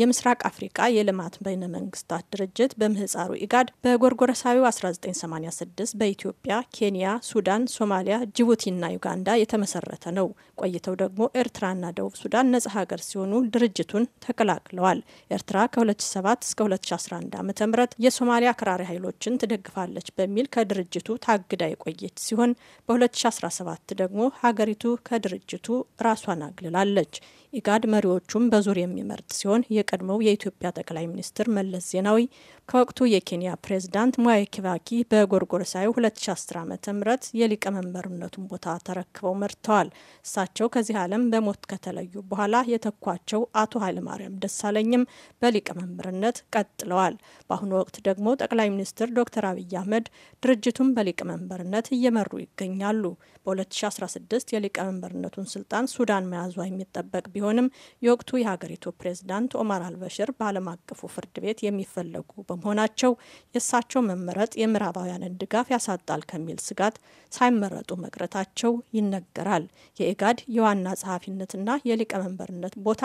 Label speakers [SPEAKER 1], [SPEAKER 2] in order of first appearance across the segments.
[SPEAKER 1] የምስራቅ አፍሪካ የልማት በይነ መንግስታት ድርጅት በምህፃሩ ኢጋድ በጎርጎረሳዊ 1986 በኢትዮጵያ፣ ኬንያ፣ ሱዳን፣ ሶማሊያ፣ ጅቡቲና ዩጋንዳ የተመሰረተ ነው። ቆይተው ደግሞ ኤርትራና ደቡብ ሱዳን ነጻ ሀገር ሲሆኑ ድርጅቱን ተቀላቅለዋል። ኤርትራ ከ2007 እስከ 2011 ዓ ም የሶማሊያ አክራሪ ኃይሎችን ትደግፋለች በሚል ከድርጅቱ ታግዳ የቆየች ሲሆን በ2017 ደግሞ ሀገሪቱ ከድርጅቱ ራሷን አግልላለች። ኢጋድ መሪዎቹም በዙር የሚመርጥ ሲሆን የቀድሞው የኢትዮጵያ ጠቅላይ ሚኒስትር መለስ ዜናዊ ከወቅቱ የኬንያ ፕሬዝዳንት ሙዋይ ኪቫኪ በጎርጎርሳዊ 2010 ዓ ም የሊቀመንበርነቱን ቦታ ተረክበው መርተዋል። እሳቸው ከዚህ ዓለም በሞት ከተለዩ በኋላ የተኳቸው አቶ ኃይለማርያም ደሳለኝም በሊቀመንበርነት ቀጥለዋል። በአሁኑ ወቅት ደግሞ ጠቅላይ ሚኒስትር ዶክተር አብይ አህመድ ድርጅቱን በሊቀመንበርነት እየመሩ ይገኛሉ። በ2016 የሊቀመንበርነቱን ስልጣን ሱዳን መያዟ የሚጠበቅ ቢሆንም የወቅቱ የሀገሪቱ ፕሬዝዳንት ኦማር ኦማር አልበሽር በዓለም አቀፉ ፍርድ ቤት የሚፈለጉ በመሆናቸው የእሳቸው መመረጥ የምዕራባውያንን ድጋፍ ያሳጣል ከሚል ስጋት ሳይመረጡ መቅረታቸው ይነገራል። የኢጋድ የዋና ጸሐፊነትና የሊቀመንበርነት ቦታ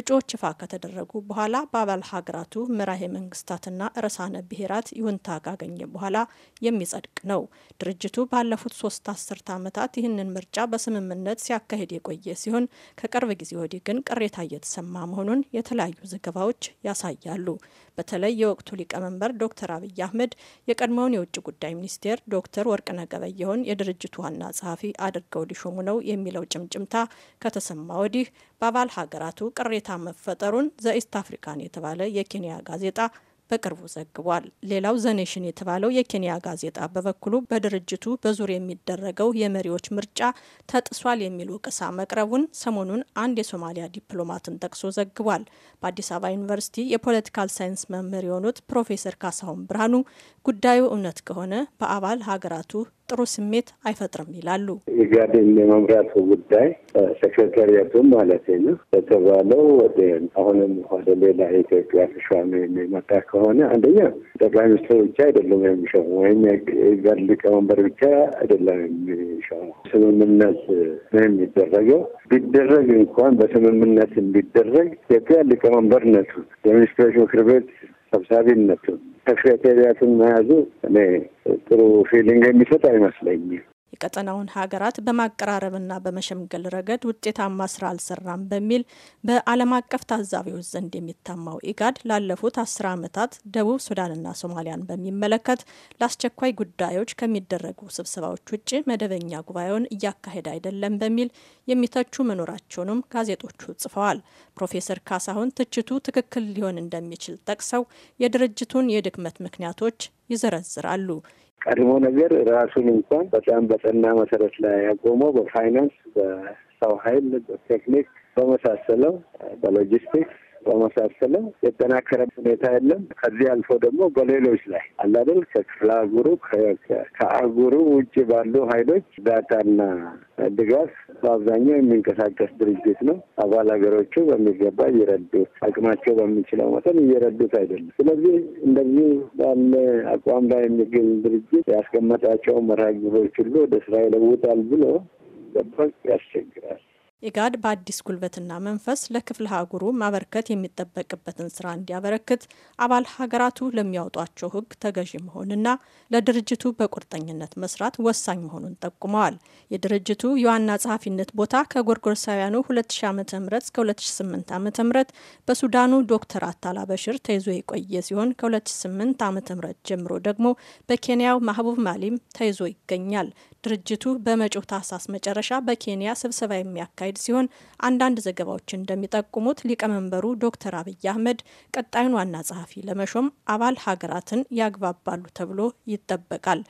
[SPEAKER 1] እጩዎች ይፋ ከተደረጉ በኋላ በአባል ሀገራቱ መራሄ መንግስታትና ርዕሳነ ብሔራት ይሁንታ ካገኘ በኋላ የሚጸድቅ ነው። ድርጅቱ ባለፉት ሶስት አስርት ዓመታት ይህንን ምርጫ በስምምነት ሲያካሄድ የቆየ ሲሆን ከቅርብ ጊዜ ወዲህ ግን ቅሬታ እየተሰማ መሆኑን የተለያዩ ዘገባዎች ያሳያሉ። በተለይ የወቅቱ ሊቀመንበር ዶክተር አብይ አህመድ የቀድሞውን የውጭ ጉዳይ ሚኒስቴር ዶክተር ወርቅነህ ገበየሁን የድርጅቱ ዋና ጸሐፊ አድርገው ሊሾሙ ነው የሚለው ጭምጭምታ ከተሰማ ወዲህ በአባል ሀገራቱ ቅሬታ መፈጠሩን ዘኢስት አፍሪካን የተባለ የኬንያ ጋዜጣ በቅርቡ ዘግቧል። ሌላው ዘኔሽን የተባለው የኬንያ ጋዜጣ በበኩሉ በድርጅቱ በዙር የሚደረገው የመሪዎች ምርጫ ተጥሷል የሚል ወቀሳ መቅረቡን ሰሞኑን አንድ የሶማሊያ ዲፕሎማትን ጠቅሶ ዘግቧል። በአዲስ አበባ ዩኒቨርሲቲ የፖለቲካል ሳይንስ መምህር የሆኑት ፕሮፌሰር ካሳሁን ብርሃኑ ጉዳዩ እውነት ከሆነ በአባል ሀገራቱ ጥሩ ስሜት አይፈጥርም ይላሉ።
[SPEAKER 2] ኢጋድን የመምራቱ ጉዳይ ሴክሬታሪያቱም ማለት ነው በተባለው ወደ አሁንም ወደ ሌላ የኢትዮጵያ ተሿሚ የሚመጣ ከሆነ አንደኛ ጠቅላይ ሚኒስትር ብቻ አይደለም የሚሸሙ ወይም የኢጋድ ሊቀመንበር ብቻ አይደለም የሚሸሙ ስምምነት ነው የሚደረገው። ቢደረግ እንኳን በስምምነት ቢደረግ ኢትዮጵያ ሊቀመንበርነቱ የሚኒስትሮች ምክር ቤት ሰብሳቢነቱን ከክሬቴሪያትን መያዙ እኔ ጥሩ ፊሊንግ የሚሰጥ አይመስለኝም።
[SPEAKER 1] የቀጠናውን ሀገራት በማቀራረብና በመሸምገል ረገድ ውጤታማ ስራ አልሰራም በሚል በዓለም አቀፍ ታዛቢዎች ዘንድ የሚታማው ኢጋድ ላለፉት አስር ዓመታት ደቡብ ሱዳንና ሶማሊያን በሚመለከት ለአስቸኳይ ጉዳዮች ከሚደረጉ ስብሰባዎች ውጭ መደበኛ ጉባኤውን እያካሄደ አይደለም በሚል የሚተቹ መኖራቸውንም ጋዜጦቹ ጽፈዋል። ፕሮፌሰር ካሳሁን ትችቱ ትክክል ሊሆን እንደሚችል ጠቅሰው የድርጅቱን የድክመት ምክንያቶች ይዘረዝራሉ።
[SPEAKER 2] ቀድሞ ነገር ራሱን እንኳን በጣም በጠና መሰረት ላይ ያቆመው በፋይናንስ፣ በሰው ኃይል፣ በቴክኒክ በመሳሰለው በሎጂስቲክስ በመሳሰለው የጠናከረ ሁኔታ የለም። ከዚህ አልፎ ደግሞ በሌሎች ላይ አላደል ከክፍለ አህጉሩ ከአህጉሩ ውጭ ባሉ ኃይሎች ዳታና ድጋፍ በአብዛኛው የሚንቀሳቀስ ድርጅት ነው። አባል ሀገሮቹ በሚገባ እየረዱት አቅማቸው በሚችለው መጠን እየረዱት አይደለም። ስለዚህ እንደዚህ ባለ አቋም ላይ የሚገኝ ድርጅት ያስቀመጣቸው መርሃ ግብሮች ሁሉ ወደ ስራ ይለውጣል ብሎ ጠበቅ ያስቸግራል።
[SPEAKER 1] ኢጋድ በአዲስ ጉልበትና መንፈስ ለክፍለ ሀገሩ ማበርከት የሚጠበቅበትን ስራ እንዲያበረክት አባል ሀገራቱ ለሚያወጧቸው ሕግ ተገዢ መሆንና ለድርጅቱ በቁርጠኝነት መስራት ወሳኝ መሆኑን ጠቁመዋል። የድርጅቱ የዋና ጸሐፊነት ቦታ ከጎርጎርሳውያኑ 2000 ዓ ም እስከ 2008 ዓ ም በሱዳኑ ዶክተር አታላ በሽር ተይዞ የቆየ ሲሆን ከ2008 ዓ ም ጀምሮ ደግሞ በኬንያው ማህቡብ ማሊም ተይዞ ይገኛል። ድርጅቱ በመጪው ታህሳስ መጨረሻ በኬንያ ስብሰባ የሚያካሂድ የሚካሄድ ሲሆን አንዳንድ ዘገባዎች እንደሚጠቁሙት ሊቀመንበሩ ዶክተር አብይ አህመድ ቀጣዩን ዋና ጸሐፊ ለመሾም አባል ሀገራትን ያግባባሉ ተብሎ ይጠበቃል።